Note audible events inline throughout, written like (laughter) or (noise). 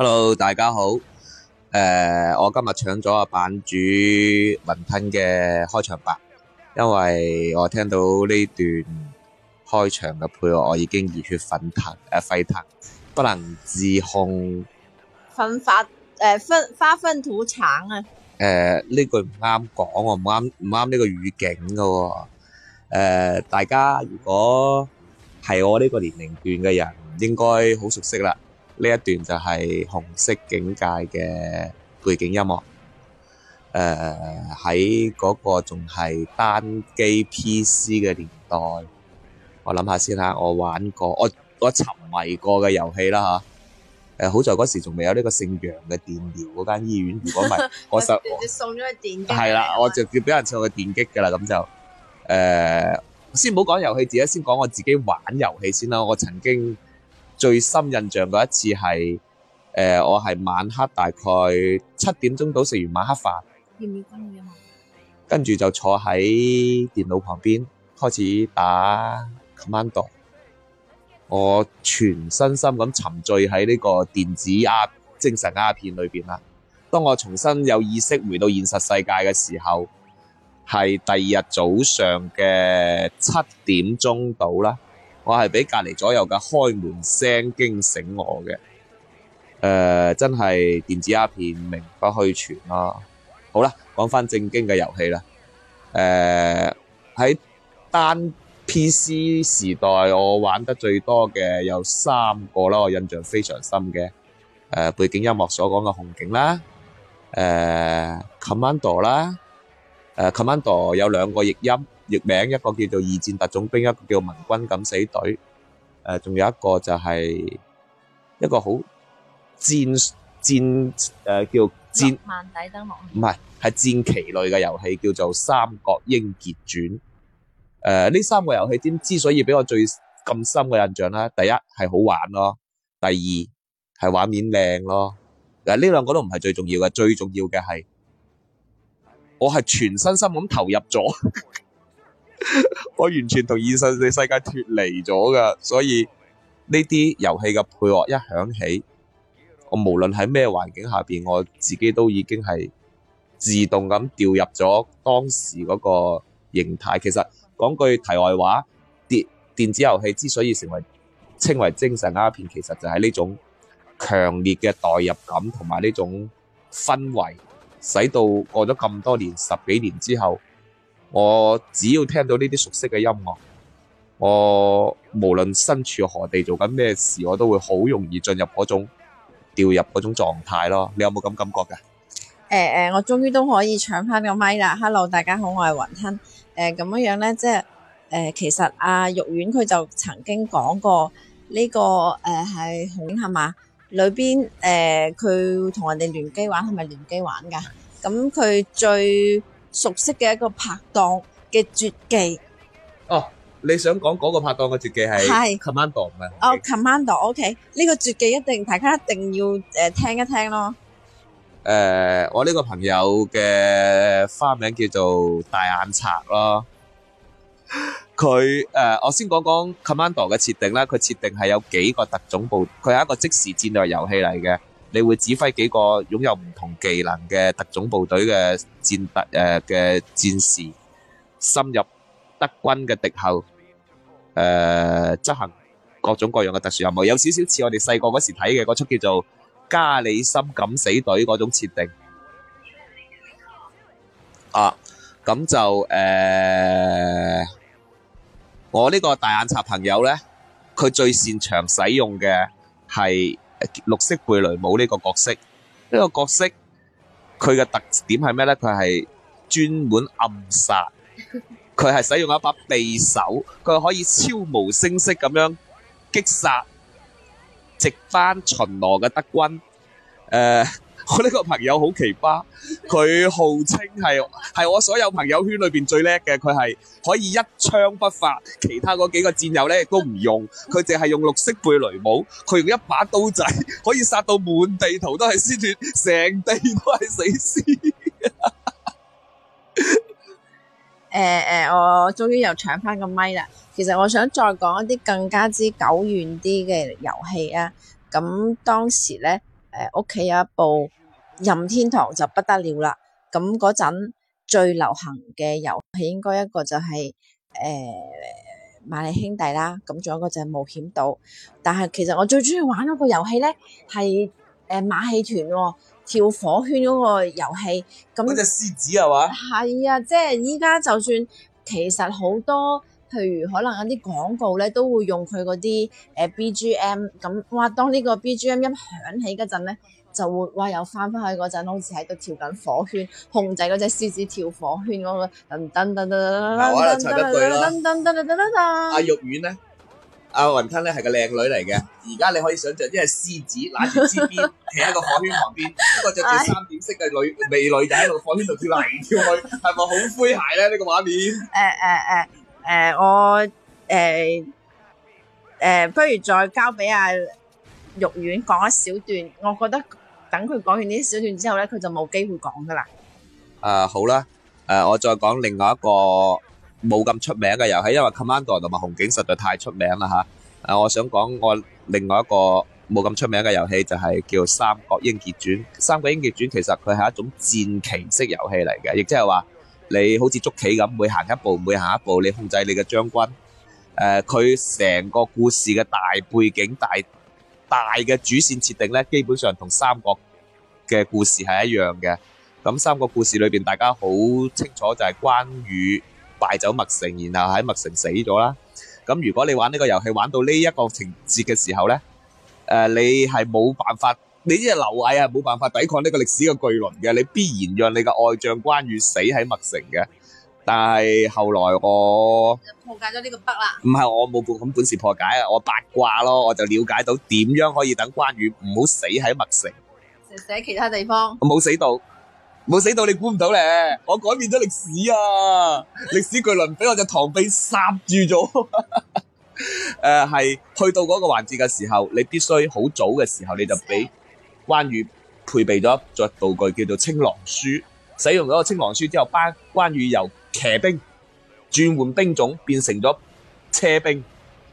Hello，大家好。誒、呃，我今日搶咗阿版主雲吞嘅開場白，因為我聽到呢段開場嘅配樂，我已經熱血沸騰誒，沸、呃、沸騰不能自控，奮發誒，奮發奮圖強啊！誒、呃，呢句唔啱講，我唔啱唔啱呢個語境㗎、哦。誒、呃，大家如果係我呢個年齡段嘅人，應該好熟悉啦。呢一段就係紅色警戒嘅背景音樂，誒喺嗰個仲係單機 PC 嘅年代，我諗下先吓，我玩過，我我沉迷過嘅遊戲啦吓。誒、啊，好在嗰時仲未有呢個姓楊嘅電療嗰間醫院，如果唔係， (laughs) 我就送咗去電擊係啦，我就直接俾人送去電擊噶啦，咁就誒，先唔好講遊戲，而家先講我自己玩遊戲先啦，我曾經。最深印象嗰一次係、呃，我係晚黑大概七點鐘到食完晚黑飯，跟住就坐喺電腦旁邊開始打 command，我全身心咁沉醉喺呢個電子鴉精神鴉片裏面啦。當我重新有意識回到現實世界嘅時候，係第二日早上嘅七點鐘到啦。我係俾隔籬左右嘅開門聲驚醒我嘅，誒、呃，真係電子鴉片名不虛傳啦。好啦，講翻正經嘅遊戲啦，誒、呃，喺單 PC 時代我玩得最多嘅有三個啦，我印象非常深嘅，誒、呃，背景音樂所講嘅《紅警》啦，誒、呃，《Commando》啦。誒、uh, Commando 有兩個譯音譯名，一個叫做二戰特種兵，一個叫民軍敢死隊。誒、呃，仲有一個就係一個好戰戰誒叫戰。戰呃、叫戰萬底燈籠。唔係，係戰棋類嘅遊戲，叫做《三國英傑傳》呃。誒，呢三個遊戲點之所以俾我最咁深嘅印象咧？第一係好玩咯，第二係畫面靚咯。誒、呃，呢兩個都唔係最重要嘅，最重要嘅係。我係全身心咁投入咗， (laughs) 我完全同現實世界脫離咗噶，所以呢啲遊戲嘅配樂一響起，我無論喺咩環境下邊，我自己都已經係自動咁調入咗當時嗰個形態。其實講句題外話，電電子遊戲之所以成為稱為精神鴉片，其實就係呢種強烈嘅代入感同埋呢種氛圍。使到過咗咁多年，十幾年之後，我只要聽到呢啲熟悉嘅音樂，我無論身處何地做緊咩事，我都會好容易進入嗰種掉入嗰種狀態咯。你有冇咁感覺噶？誒誒、呃，我終於都可以搶翻個麥啦！Hello，大家好，我係雲吞。誒、呃，咁樣樣咧，即係誒、呃，其實阿、啊、玉婉佢就曾經講過呢、這個誒係紅係嘛？呃裏邊誒，佢、呃、同人哋聯機玩係咪聯機玩噶？咁、嗯、佢最熟悉嘅一個拍檔嘅絕技哦，你想講嗰個拍檔嘅絕技係 commando 係、oh, commander 唔係哦 commander？OK 呢個絕技一定大家一定要誒、呃、聽一聽咯。誒、呃，我呢個朋友嘅花名叫做大眼賊咯。佢誒，我先講講 Commandos 嘅設定啦。佢設定係有幾個特種部，佢係一個即時戰略遊戲嚟嘅。你會指揮幾個擁有唔同技能嘅特種部隊嘅戰特、誒嘅戰士，深入德軍嘅敵後誒，執行各種各樣嘅特殊任務。有少少似我哋細個嗰時睇嘅嗰出叫做《加里森敢死隊》嗰種設定啊。咁就誒。我呢個大眼賊朋友呢，佢最擅長使用嘅係綠色貝雷帽呢個角色。呢個角色佢嘅特點係咩呢？佢係專門暗殺，佢係使用一把匕首，佢可以悄無聲息咁樣擊殺值班巡邏嘅德軍。誒。我呢個朋友好奇葩，佢號稱係係我所有朋友圈裏邊最叻嘅，佢係可以一槍不發，其他嗰幾個戰友呢都唔用，佢淨係用綠色貝雷帽，佢用一把刀仔可以殺到滿地圖都係鮮血，成地都係死屍。誒誒，我終於又搶翻個麥啦。其實我想再講一啲更加之久遠啲嘅遊戲啊。咁當時呢，誒屋企有一部。任天堂就不得了啦！咁嗰陣最流行嘅遊戲應該一個就係、是、誒、呃、馬利兄弟啦，咁仲有一個就係冒險島。但係其實我最中意玩嗰個遊戲咧，係誒、呃、馬戲團、哦、跳火圈嗰個遊戲。咁隻獅子啊嘛，係啊！即係依家就算其實好多，譬如可能一啲廣告咧都會用佢嗰啲誒 BGM，咁哇，當呢個 BGM 一響起嗰陣咧～就會哇，又翻翻去嗰陣，好似喺度跳緊火圈，控制嗰隻獅子跳火圈嗰個噔噔噔噔噔噔噔噔噔噔噔噔噔噔噔。阿玉丸咧，阿雲吞咧係個靚女嚟嘅，而家你可以想象，即係獅子攋住支鞭企喺個火圈旁邊，不過着住三點式嘅女美女就喺度火圈度跳嚟跳去，係咪好詼諧咧呢個畫面？誒誒誒誒，我誒誒，不如再交俾阿玉丸講一小段，我覺得。等佢講完呢啲小段之後呢，佢就冇機會講噶啦。誒，好啦，誒，我再講另外一個冇咁出名嘅遊戲，因為 Command 同埋紅警實在太出名啦吓。誒，我想講我另外一個冇咁出名嘅遊戲，就係叫《三國英傑傳》。《三國英傑傳》其實佢係一種戰棋式遊戲嚟嘅，亦即係話你好似捉棋咁，每行一步，每行一步，你控制你嘅將軍。誒，佢成個故事嘅大背景大。大嘅主線設定咧，基本上同三國嘅故事係一樣嘅。咁三國故事裏邊，大家好清楚就係關羽敗走麥城，然後喺麥城死咗啦。咁如果你玩呢個遊戲玩到呢一個情節嘅時候呢，誒、呃，你係冇辦法，你即係劉備啊，冇辦法抵抗呢個歷史嘅巨輪嘅，你必然讓你嘅愛將關羽死喺麥城嘅。但係後來我破解咗呢個筆啦，唔係我冇咁本事破解啊，我八卦咯，我就了解到點樣可以等關羽唔好死喺麥城，死喺其他地方，我冇死到，冇死到你估唔到咧，我改變咗歷史啊，歷史巨輪俾我隻螳臂塞住咗。誒，係去到嗰個環節嘅時候，你必須好早嘅時候你就俾關羽配備咗一桌道，道具叫做青囊書，使用咗個青囊書之後，關關羽又……騎兵轉換兵種變成咗車兵，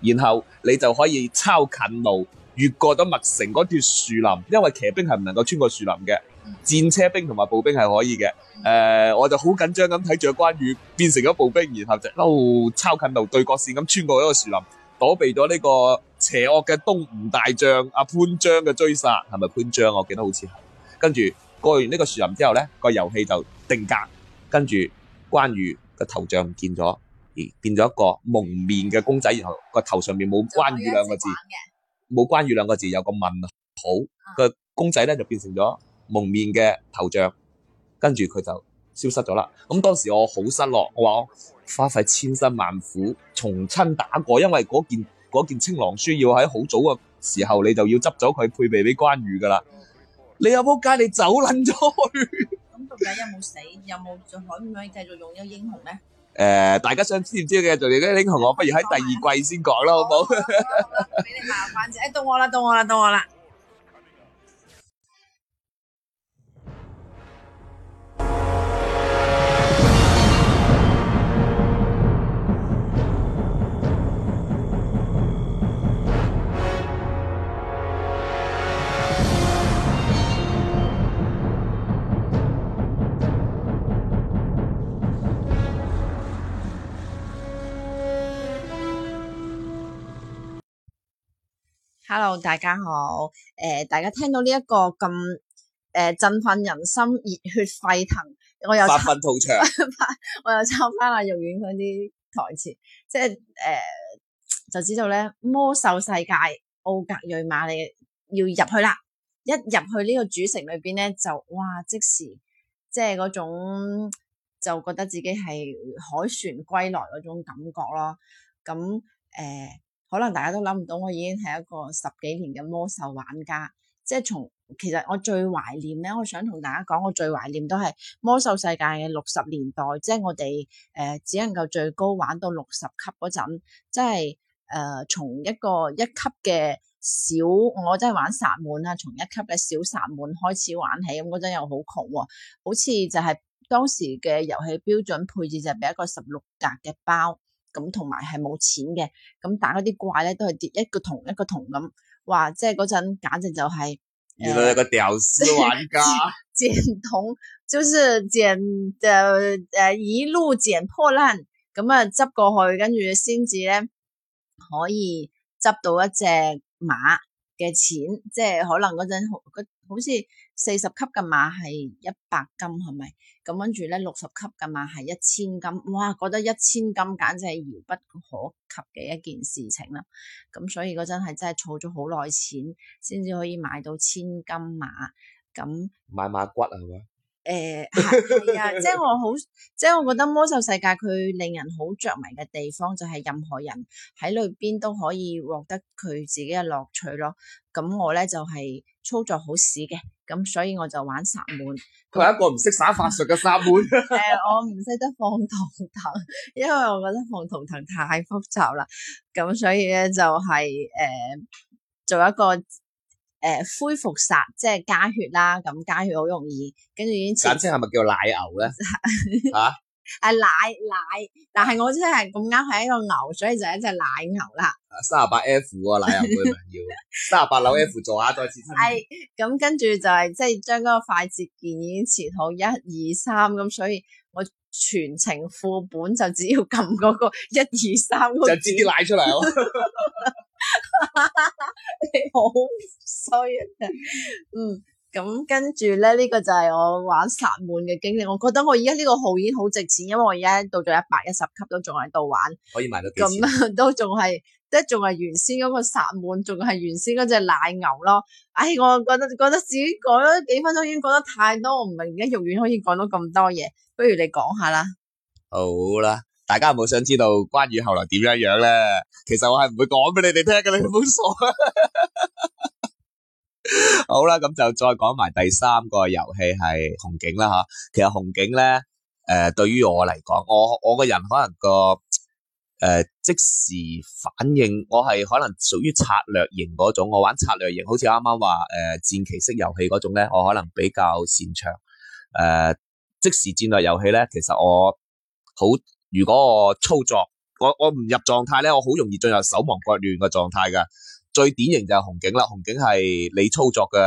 然後你就可以抄近路越過咗麥城嗰段樹林，因為騎兵係唔能夠穿過樹林嘅，戰車兵同埋步兵係可以嘅。誒、呃，我就好緊張咁睇住關羽變成咗步兵，然後就溜、哦、抄近路對角線咁穿過一個樹林，躲避咗呢個邪惡嘅東吳大將阿潘璋嘅追殺，係咪潘璋？我記得好似係，跟住過完呢個樹林之後呢，個遊戲就定格，跟住。關羽嘅頭像唔見咗，而變咗一個蒙面嘅公仔，然後個頭上面冇關羽兩個字，冇關羽兩個字，有個問號，個公仔咧就變成咗蒙面嘅頭像，跟住佢就消失咗啦。咁當時我好失落，我話我花費千辛萬苦重親打過，因為嗰件件青囊書要喺好早嘅時候，你就要執走佢配備俾關羽噶啦。你有冇介你走捻咗去？ (laughs) 到底有冇死？有冇仲可唔可以繼續用呢個英雄咧？誒，大家想知唔知嘅仲有啲英雄，我不如喺第二季先講啦，好唔好？俾你嘛，反正，哎，到我啦，到我啦，到我啦。Hello，大家好，誒、呃，大家聽到呢一個咁誒、呃、振奮人心、熱血沸騰，我又八分鋪場， (laughs) 我又抄翻阿肉丸嗰啲台詞，即係誒、呃，就知道咧魔獸世界奧格瑞瑪你要入去啦，一入去呢個主城裏邊咧就哇即時即係嗰種就覺得自己係凱旋歸來嗰種感覺咯，咁誒。呃可能大家都諗唔到，我已經係一個十幾年嘅魔獸玩家，即係從其實我最懷念咧，我想同大家講，我最懷念都係魔獸世界嘅六十年代，即係我哋誒、呃、只能夠最高玩到六十級嗰陣，即係誒、呃、從一個一級嘅小，我真係玩薩滿啦，從一級嘅小薩滿開始玩起，咁嗰陣又好窮喎，好似就係當時嘅遊戲標準配置就係俾一個十六格嘅包。咁同埋係冇錢嘅，咁、嗯、打嗰啲怪咧都係跌一個銅一個銅咁，哇！即係嗰陣，簡直就係原來係個屌絲玩家， (laughs) 剪筒，就是剪就，誒、呃、一路剪破爛，咁啊執過去，跟住先至咧可以執到一隻馬嘅錢，即係可能嗰陣好似。好四十級嘅馬係一百金係咪？咁跟住咧六十級嘅馬係一千金，哇！覺得一千金簡直係遙不可及嘅一件事情啦。咁所以嗰陣係真係儲咗好耐錢，先至可以買到千金馬。咁買馬骨係咪？喎！誒，係啊、uh, yeah, (laughs) 即係我好，即係我覺得魔獸世界佢令人好着迷嘅地方就係任何人喺裏邊都可以獲得佢自己嘅樂趣咯。咁我咧就係、是、操作好屎嘅，咁所以我就玩薩滿。佢係一個唔識耍法術嘅薩滿。誒，我唔識得放圖騰，因為我覺得放圖騰太複雜啦。咁所以咧就係、是、誒，uh, 做一個。誒、呃，恢復殺即係加血啦，咁加血好容易，跟住已經。簡稱係咪叫奶牛咧？吓 (laughs) 、啊，係奶奶，但係我真係咁啱係一個牛，所以就係一隻奶牛啦。三十八 F 啊，奶牛會唔要三十八樓 F 做一下再次、哎。係、就是，咁跟住就係即係將嗰個快捷鍵已經切好一、二、三咁，所以我全程副本就只要撳嗰個一、二、三。就支奶出嚟咯。 (laughs) (laughs) (laughs) 你好衰啊！嗯，咁跟住咧，呢、這個就係我玩殺滿嘅經歷。我覺得我而家呢個號已經好值錢，因為我而家到咗一百一十級都仲喺度玩，可以賣到咁啊，都仲係即係仲係原先嗰個殺滿，仲係原先嗰隻奶牛咯。唉、哎，我覺得覺得自己講咗幾分鐘已經講得太多，我唔明而家肉丸可以講到咁多嘢，不如你講下啦。好啦。大家有冇想知道關羽後來點樣樣啦？其實我係唔會講俾你哋聽嘅，你唔 (laughs) 好傻。好啦，咁就再講埋第三個遊戲係紅警啦，吓，其實紅警咧，誒、呃，對於我嚟講，我我個人可能個誒、呃、即時反應，我係可能屬於策略型嗰種，我玩策略型，好似啱啱話誒戰棋式遊戲嗰種咧，我可能比較擅長。誒、呃、即時戰略遊戲咧，其實我好。如果我操作，我我唔入狀態咧，我好容易進入手忙腳亂嘅狀態㗎。最典型就係紅警啦，紅警係你操作嘅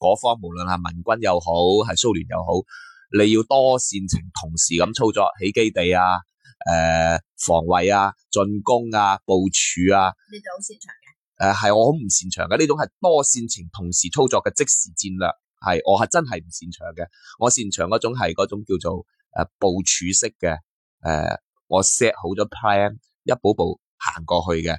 嗰方，無論係民軍又好，係蘇聯又好，你要多線程同時咁操作，起基地啊，誒、呃、防衞啊，進攻啊，部署啊。你就好擅長嘅。誒、呃，係我好唔擅長嘅呢種係多線程同時操作嘅即時戰略，係我係真係唔擅長嘅。我擅長嗰種係嗰種叫做誒部署式嘅。誒，uh, 我 set 好咗 plan，一步步行過去嘅。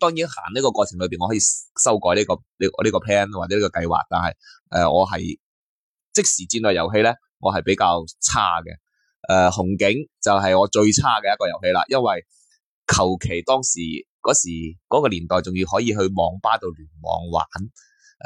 當然行呢個過程裏邊，我可以修改呢、呢個呢我呢個 plan 或者呢個計劃。但係誒、呃，我係即時戰略遊戲咧，我係比較差嘅。誒、呃，紅警就係我最差嘅一個遊戲啦。因為求其當時嗰時、嗰個年代仲要可以去網吧度聯網玩，誒、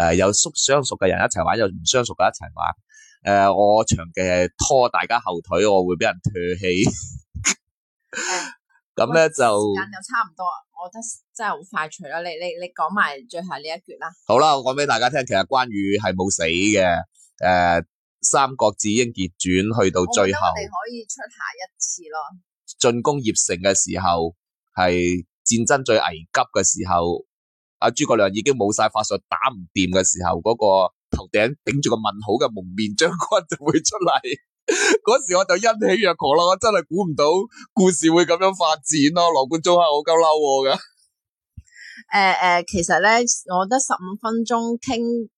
呃，有熟相熟嘅人一齊玩，有唔相熟嘅一齊玩。誒、呃，我長期拖大家後腿，我會俾人唾棄。 (laughs) 咁咧就時間又差唔多，我覺得真係好快脆啦。你你你講埋最後呢一橛啦。好啦，我講俾大家聽，其實關羽係冇死嘅。誒、呃，《三國志英傑傳》去到最後你可以出下一次咯。進攻鄴城嘅時候，係戰爭最危急嘅時候，阿諸葛亮已經冇晒法術，打唔掂嘅時候，嗰、那個頭頂頂住個問號嘅蒙面將軍就會出嚟。嗰 (laughs) 時我就欣喜若狂啦！我真係估唔到故事會咁樣發展咯。羅冠中係好夠嬲㗎。誒誒、呃呃，其實咧，我覺得十五分鐘傾誒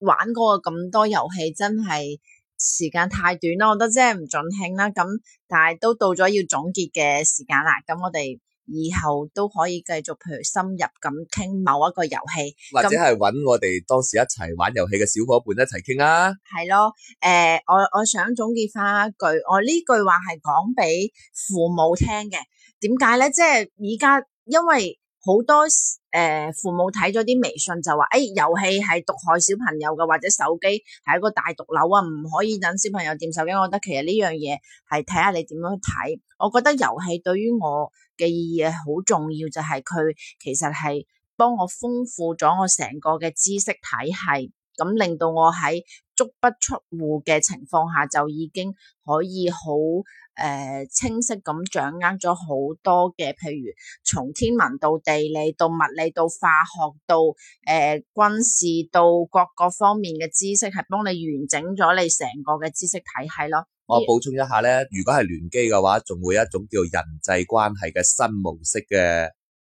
玩過咁多遊戲，真係時間太短啦。我覺得真係唔盡興啦。咁但係都到咗要總結嘅時間啦。咁我哋。以後都可以繼續譬如深入咁傾某一個遊戲，或者係揾我哋當時一齊玩遊戲嘅小伙伴一齊傾啊。係咯，誒、呃，我我想總結返一，一句，我呢句話係講俾父母聽嘅。點解咧？即係而家因為。好多誒、呃，父母睇咗啲微信就話，誒、欸，遊戲係毒害小朋友嘅，或者手機係一個大毒瘤啊，唔可以等小朋友掂手機。我覺得其實呢樣嘢係睇下你點樣睇。我覺得遊戲對於我嘅意義好重要，就係、是、佢其實係幫我豐富咗我成個嘅知識體系，咁令到我喺。足不出戶嘅情況下就已經可以好誒、呃、清晰咁掌握咗好多嘅譬如從天文到地理到物理到化學到誒、呃、軍事到各個方面嘅知識，係幫你完整咗你成個嘅知識體系咯。我補充一下咧,如果係聯機嘅話，仲會有一種叫人際關係嘅新模式嘅誒、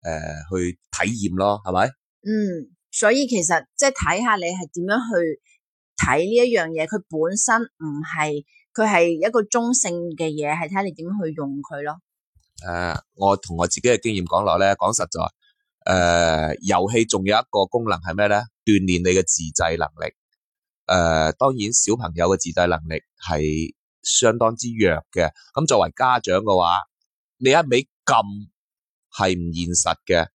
呃、去體驗咯，係咪？嗯，所以其實即係睇下你係點樣去。睇呢一樣嘢，佢本身唔係，佢係一個中性嘅嘢，係睇你點去用佢咯。誒，uh, 我同我自己嘅經驗講落咧，講實在，誒、uh, 遊戲仲有一個功能係咩咧？鍛鍊你嘅自制能力。誒、uh，當然小朋友嘅自制能力係相當之弱嘅。咁、嗯、作為家長嘅話，你一味撳係唔現實嘅。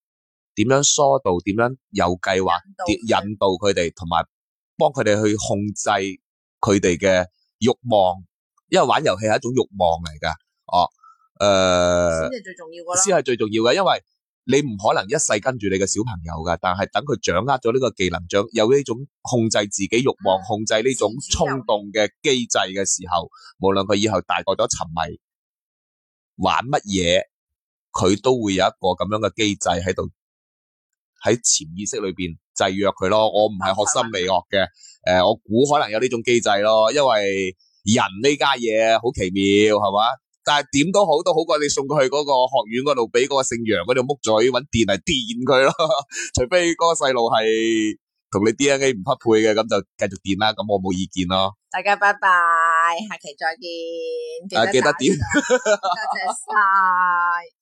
點樣疏導？點樣有計劃？引導佢哋同埋。幫佢哋去控制佢哋嘅慾望，因為玩遊戲係一種慾望嚟噶。哦，誒、呃，先係最重要噶先係最重要噶因為你唔可能一世跟住你嘅小朋友噶但係等佢掌握咗呢個技能，掌有呢種控制自己慾望、控制呢種衝動嘅機制嘅時候，無論佢以後大個咗沉迷玩乜嘢，佢都會有一個咁樣嘅機制喺度，喺潛意識裏邊。制約佢咯，我唔係學心理學嘅，誒吧、呃，我估可能有呢種機制咯，因為人呢家嘢好奇妙係嘛，但係點都好都好過你送佢去嗰個學院嗰度，俾嗰個姓楊嗰度木嘴揾電嚟電佢咯，除非嗰個細路係同你 D N A 唔匹配嘅，咁就繼續電啦，咁我冇意見咯。大家拜拜，下期再見。啊，記得點。多謝晒。